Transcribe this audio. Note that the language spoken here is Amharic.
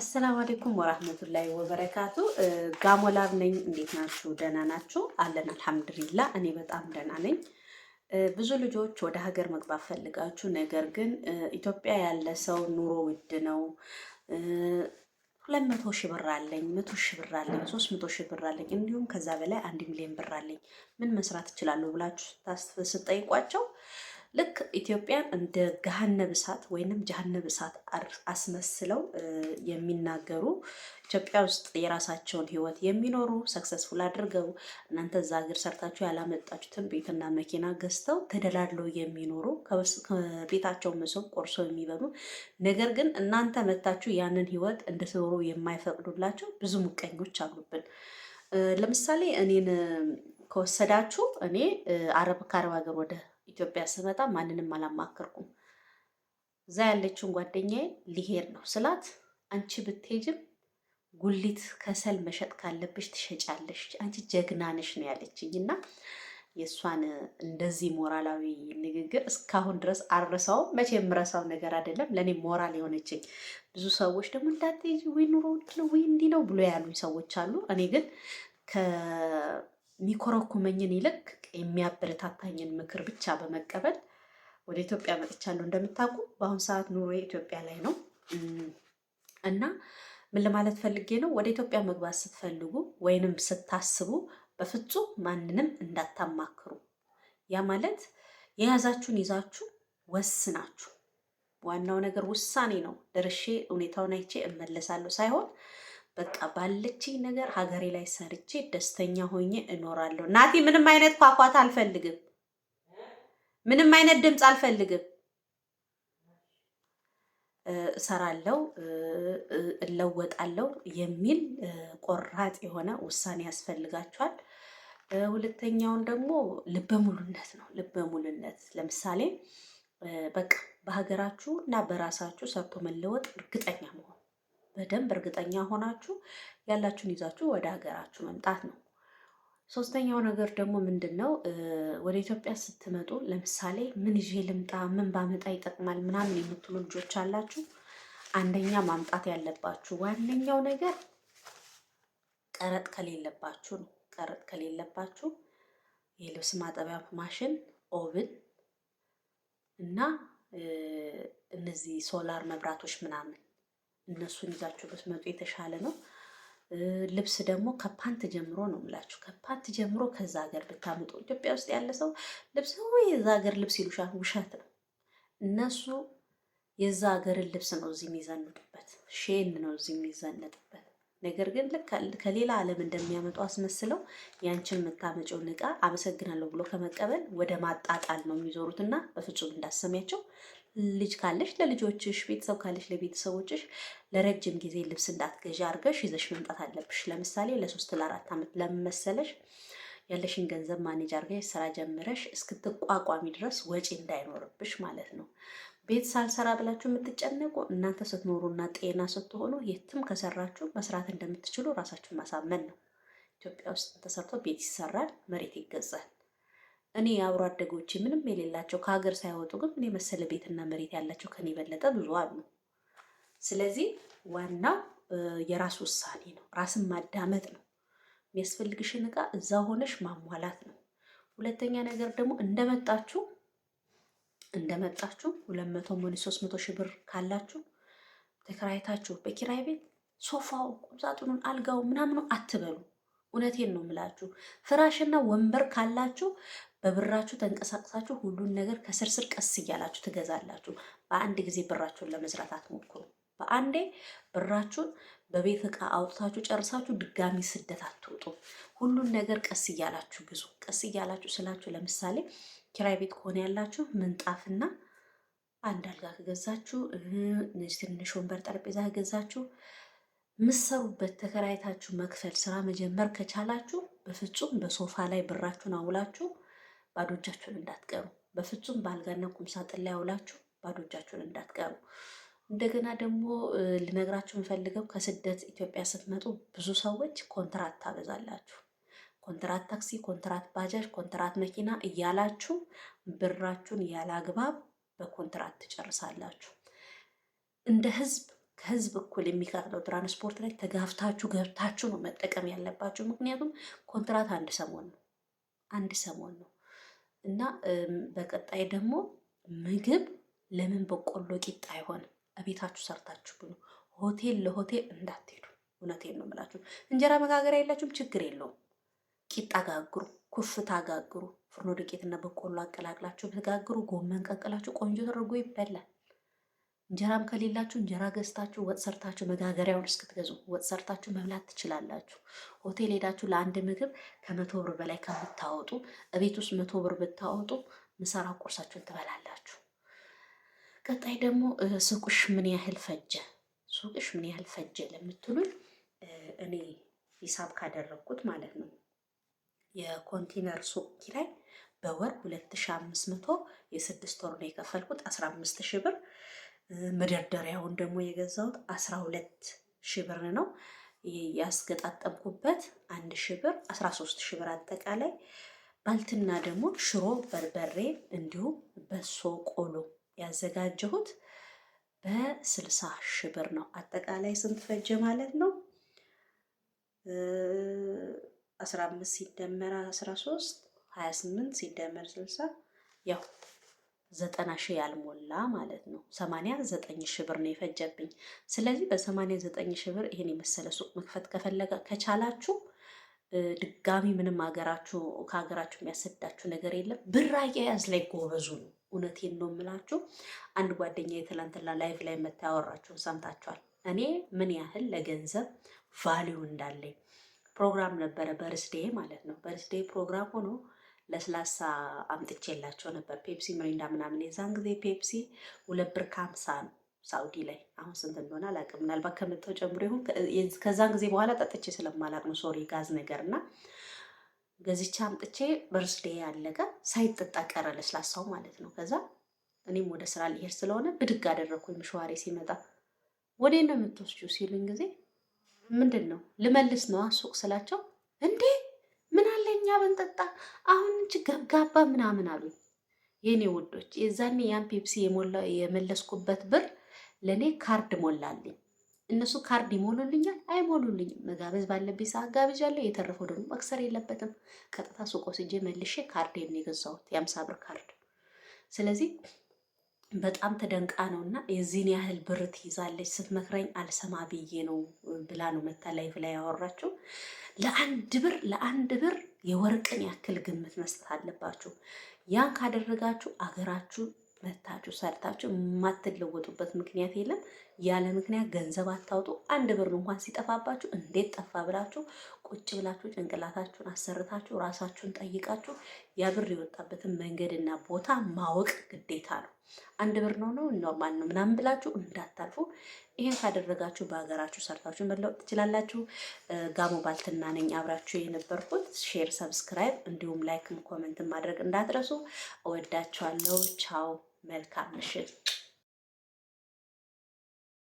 አሰላሙ አለይኩም ወራህመቱላሂ ወበረካቱ። ጋሞላር ነኝ። እንዴት ናችሁ? ደህና ናችሁ? አለን አልሐምዱሊላ። እኔ በጣም ደህና ነኝ። ብዙ ልጆች ወደ ሀገር መግባት ፈልጋችሁ፣ ነገር ግን ኢትዮጵያ ያለ ሰው ኑሮ ውድ ነው ሁለት መቶ ሺ ብር አለኝ፣ መቶ ሺ ብር አለኝ፣ ሶስት መቶ ሺ ብር አለኝ እንዲሁም ከዛ በላይ አንድ ሚሊዮን ብር አለኝ ምን መስራት እችላለሁ ብላችሁ ስትጠይቋቸው። ልክ ኢትዮጵያን እንደ ገሃነብ እሳት ወይንም ጀሃነብ እሳት አስመስለው የሚናገሩ ኢትዮጵያ ውስጥ የራሳቸውን ህይወት የሚኖሩ ሰክሰስፉል አድርገው እናንተ እዛ ሀገር ሰርታችሁ ያላመጣችሁትን ቤትና መኪና ገዝተው ተደላድለው የሚኖሩ ከቤታቸው መሶብ ቆርሶ የሚበሉ ነገር ግን እናንተ መታችሁ ያንን ህይወት እንድትኖሩ የማይፈቅዱላቸው ብዙ ምቀኞች አሉብን። ለምሳሌ እኔን ከወሰዳችሁ እኔ አረብ ከአረብ ሀገር ወደ ኢትዮጵያ ስመጣ ማንንም አላማከርኩም። እዛ ያለችውን ጓደኛዬ ሊሄድ ነው ስላት አንቺ ብትሄጅም ጉሊት ከሰል መሸጥ ካለብሽ ትሸጫለሽ፣ አንቺ ጀግና ነሽ ነው ያለችኝ። እና የእሷን እንደዚህ ሞራላዊ ንግግር እስካሁን ድረስ አልረሳውም። መቼ የምረሳው ነገር አይደለም፣ ለእኔ ሞራል የሆነችኝ። ብዙ ሰዎች ደግሞ እንዳትሄጂ ወይ ኑሮ ውድ ነው ወይ እንዲህ ነው ብሎ ያሉኝ ሰዎች አሉ። እኔ ግን የሚኮረኩመኝን ይልቅ የሚያበረታታኝን ምክር ብቻ በመቀበል ወደ ኢትዮጵያ መጥቻለሁ። እንደምታውቁ በአሁኑ ሰዓት ኑሮ ኢትዮጵያ ላይ ነው እና ምን ለማለት ፈልጌ ነው፣ ወደ ኢትዮጵያ መግባት ስትፈልጉ ወይንም ስታስቡ በፍጹም ማንንም እንዳታማክሩ። ያ ማለት የያዛችሁን ይዛችሁ ወስናችሁ፣ ዋናው ነገር ውሳኔ ነው። ደርሼ ሁኔታውን አይቼ እመለሳለሁ ሳይሆን በቃ ባለች ነገር ሀገሬ ላይ ሰርቼ ደስተኛ ሆኜ እኖራለሁ። ናቲ ምንም አይነት ኳኳት አልፈልግም። ምንም አይነት ድምፅ አልፈልግም። እሰራለሁ፣ እለወጣለሁ የሚል ቆራጥ የሆነ ውሳኔ ያስፈልጋቸዋል። ሁለተኛውን ደግሞ ልበ ሙሉነት ነው። ልበ ሙሉነት ለምሳሌ በቃ በሀገራችሁ እና በራሳችሁ ሰርቶ መለወጥ እርግጠኛ መሆን በደንብ እርግጠኛ ሆናችሁ ያላችሁን ይዛችሁ ወደ ሀገራችሁ መምጣት ነው። ሶስተኛው ነገር ደግሞ ምንድን ነው? ወደ ኢትዮጵያ ስትመጡ ለምሳሌ ምን ይዤ ልምጣ፣ ምን ባመጣ ይጠቅማል ምናምን የምትሉ ልጆች አላችሁ። አንደኛ ማምጣት ያለባችሁ ዋነኛው ነገር ቀረጥ ከሌለባችሁ ነው። ቀረጥ ከሌለባችሁ የልብስ ማጠቢያ ማሽን፣ ኦብን እና እነዚህ ሶላር መብራቶች ምናምን እነሱን ይዛችሁ ብትመጡ የተሻለ ነው። ልብስ ደግሞ ከፓንት ጀምሮ ነው የምላችሁ። ከፓንት ጀምሮ ከዛ ሀገር ብታምጡ ኢትዮጵያ ውስጥ ያለ ሰው ልብስ ወይ የዛ ሀገር ልብስ ይሉሻል። ውሸት ነው። እነሱ የዛ ሀገርን ልብስ ነው እዚህ የሚዘንጡበት፣ ሼን ነው እዚህ የሚዘነጥበት። ነገር ግን ከሌላ ዓለም እንደሚያመጡ አስመስለው ያንችን የምታመጪውን ዕቃ አመሰግናለሁ ብሎ ከመቀበል ወደ ማጣጣል ነው የሚዞሩት እና በፍጹም እንዳሰሚያቸው ልጅ ካለሽ ለልጆችሽ፣ ቤተሰብ ካለሽ ለቤተሰቦችሽ ለረጅም ጊዜ ልብስ እንዳትገዢ አድርገሽ ይዘሽ መምጣት አለብሽ። ለምሳሌ ለሶስት ለአራት ዓመት ለመሰለሽ ያለሽን ገንዘብ ማኔጅ አድርገሽ ስራ ጀምረሽ እስክትቋቋሚ ድረስ ወጪ እንዳይኖርብሽ ማለት ነው። ቤት ሳልሰራ ብላችሁ የምትጨነቁ እናንተ ስትኖሩና ጤና ስትሆኑ የትም ከሰራችሁ መስራት እንደምትችሉ ራሳችሁን ማሳመን ነው። ኢትዮጵያ ውስጥ ተሰርቶ ቤት ይሰራል፣ መሬት ይገዛል። እኔ የአብሮ አደጎች ምንም የሌላቸው ከሀገር ሳይወጡ ግን ምን የመሰለ ቤትና መሬት ያላቸው ከኔ የበለጠ ብዙ አሉ። ስለዚህ ዋናው የራስ ውሳኔ ነው። ራስን ማዳመጥ ነው። የሚያስፈልግሽን እቃ እዛ ሆነሽ ማሟላት ነው። ሁለተኛ ነገር ደግሞ እንደመጣችሁ እንደመጣችሁ ሁለት መቶ ሞኒ ሶስት መቶ ሺህ ብር ካላችሁ ተከራይታችሁ በኪራይ ቤት ሶፋው፣ ቁምሳጥኑን፣ አልጋው ምናምኑ አትበሉ። እውነቴን ነው የምላችሁ። ፍራሽና ወንበር ካላችሁ በብራችሁ ተንቀሳቅሳችሁ ሁሉን ነገር ከስር ስር ቀስ እያላችሁ ትገዛላችሁ። በአንድ ጊዜ ብራችሁን ለመስራት አትሞክሩ። በአንዴ ብራችሁን በቤት እቃ አውጥታችሁ ጨርሳችሁ ድጋሚ ስደት አትውጡ። ሁሉን ነገር ቀስ እያላችሁ ግዙ። ቀስ እያላችሁ ስላችሁ ለምሳሌ ኪራይ ቤት ከሆነ ያላችሁ ምንጣፍና አንድ አልጋ ከገዛችሁ፣ ትንሽ ወንበር ጠረጴዛ ከገዛችሁ ምሰሩበት ተከራይታችሁ መክፈል ስራ መጀመር ከቻላችሁ በፍጹም በሶፋ ላይ ብራችሁን አውላችሁ ባዶ እጃችሁን እንዳትቀሩ። በፍጹም በአልጋና ቁምሳጥን ላይ አውላችሁ ባዶ እጃችሁን እንዳትቀሩ። እንደገና ደግሞ ልነግራችሁ የምፈልገው ከስደት ኢትዮጵያ ስትመጡ ብዙ ሰዎች ኮንትራት ታበዛላችሁ። ኮንትራት ታክሲ፣ ኮንትራት ባጃጅ፣ ኮንትራት መኪና እያላችሁ ብራችሁን ያለ አግባብ በኮንትራት ትጨርሳላችሁ። እንደ ህዝብ ከህዝብ እኩል የሚከፍለው ትራንስፖርት ላይ ተጋፍታችሁ ገብታችሁ ነው መጠቀም ያለባችሁ። ምክንያቱም ኮንትራት አንድ ሰሞን ነው፣ አንድ ሰሞን ነው። እና በቀጣይ ደግሞ ምግብ ለምን በቆሎ ቂጣ አይሆንም? እቤታችሁ ሰርታችሁ ብሉ። ሆቴል ለሆቴል እንዳትሄዱ። እውነቴን ነው የምላችሁ። እንጀራ መጋገሪያ የላችሁም? ችግር የለውም። ቂጣ ጋግሩ፣ ኩፍታ ጋግሩ። ፍርኖ ዱቄትና በቆሎ አቀላቅላችሁ ብትጋግሩ፣ ጎመን ቀቅላችሁ ቆንጆ ተደርጎ ይበላል። እንጀራም ከሌላችሁ እንጀራ ገዝታችሁ ወጥ ሰርታችሁ መጋገሪያውን እስክትገዙ ወጥ ሰርታችሁ መብላት ትችላላችሁ። ሆቴል ሄዳችሁ ለአንድ ምግብ ከመቶ ብር በላይ ከምታወጡ እቤት ውስጥ መቶ ብር ብታወጡ ምሰራ ቁርሳችሁን ትበላላችሁ። ቀጣይ ደግሞ ሱቅሽ ምን ያህል ፈጀ? ሱቅሽ ምን ያህል ፈጀ ለምትሉኝ እኔ ሂሳብ ካደረግኩት ማለት ነው የኮንቴነር ሱቅ ኪራይ በወር ሁለት ሺ አምስት መቶ የስድስት ወር ነው የከፈልኩት አስራ አምስት ሺ ብር መደርደሪያውን ደግሞ የገዛሁት አስራ ሁለት ሺህ ብር ነው። ያስገጣጠምኩበት አንድ ሺህ ብር አስራ ሶስት ሺህ ብር አጠቃላይ። ባልትና ደግሞ ሽሮ በርበሬ እንዲሁም በሶ ቆሎ ያዘጋጀሁት በስልሳ ሺህ ብር ነው። አጠቃላይ ስንት ፈጀ ማለት ነው? አስራ አምስት ሲደመር አስራ ሶስት ሀያ ስምንት ሲደመር ስልሳ ያው ዘጠና ሺህ ያልሞላ ማለት ነው። ሰማንያ ዘጠኝ ሺህ ብር ነው የፈጀብኝ። ስለዚህ በሰማንያ ዘጠኝ ሺህ ብር ይሄን የመሰለ ሱቅ መክፈት ከፈለገ ከቻላችሁ ድጋሚ ምንም ሀገራችሁ ከሀገራችሁ የሚያሰዳችሁ ነገር የለም። ብር አያያዝ ላይ ጎበዙ ነው። እውነቴን ነው የምላችሁ። አንድ ጓደኛ የትላንትና ላይቭ ላይ መታወራችሁን ሰምታችኋል። እኔ ምን ያህል ለገንዘብ ቫሊዩ እንዳለኝ ፕሮግራም ነበረ፣ በርስዴ ማለት ነው። በርስዴ ፕሮግራም ሆኖ ለስላሳ አምጥቼላቸው ነበር። ፔፕሲ ምሪንዳ ምናምን የዛን ጊዜ ፔፕሲ ሁለት ብር ከሀምሳ ነው ሳውዲ ላይ። አሁን ስንት እንደሆነ አላውቅም። ምናልባት ከመጣሁ ጨምሮ ይሁን። ከዛን ጊዜ በኋላ ጠጥቼ ስለማላቅ ነው። ሶሪ ጋዝ ነገር እና ገዝቼ አምጥቼ በርስዴ ያለቀ ሳይጠጣ ቀረ ለስላሳው ማለት ነው። ከዛ እኔም ወደ ስራ ሊሄድ ስለሆነ ብድግ አደረግኩኝ። ምሸዋሪ ሲመጣ ወዴት ነው የምትወስጂው ሲሉኝ ጊዜ ምንድን ነው ልመልስ ነው ሱቅ ስላቸው እንዴ ብንጠጣ አሁን እንጂ ገብጋባ ምናምን አሉኝ። የኔ ውዶች የዛኔ ያን ፔፕሲ የመለስኩበት ብር ለእኔ ካርድ ሞላልኝ። እነሱ ካርድ ይሞሉልኛል አይሞሉልኝም። መጋበዝ ባለብኝ ሰዓት ጋብዣለሁ። የተረፈው ደግሞ መክሰር የለበትም። ቀጥታ ሱቆ ስጄ መልሼ ካርድ የገዛሁት የአምሳ ብር ካርድ ስለዚህ በጣም ተደንቃ ነው እና የዚህን ያህል ብር ትይዛለች ስትመክረኝ አልሰማ ብዬ ነው ብላ ነው መታ ላይፍ ላይ ያወራችው። ለአንድ ብር ለአንድ ብር የወርቅን ያክል ግምት መስጠት አለባችሁ። ያን ካደረጋችሁ አገራችሁ መታችሁ ሰርታችሁ የማትለወጡበት ምክንያት የለም። ያለ ምክንያት ገንዘብ አታውጡ። አንድ ብር እንኳን ሲጠፋባችሁ እንዴት ጠፋ ብላችሁ ቁጭ ብላችሁ ጭንቅላታችሁን አሰርታችሁ ራሳችሁን ጠይቃችሁ ያ ብር የወጣበትን መንገድና ቦታ ማወቅ ግዴታ ነው። አንድ ብር ነው ነው ማን ነው ምናምን ብላችሁ እንዳታልፉ። ይህን ካደረጋችሁ በሀገራችሁ ሰርታችሁ መለወጥ ትችላላችሁ። ጋሞ ባልትና ነኝ አብራችሁ የነበርኩት። ሼር፣ ሰብስክራይብ እንዲሁም ላይክም ኮመንት ማድረግ እንዳትረሱ። እወዳችኋለሁ። ቻው፣ መልካም ምሽት።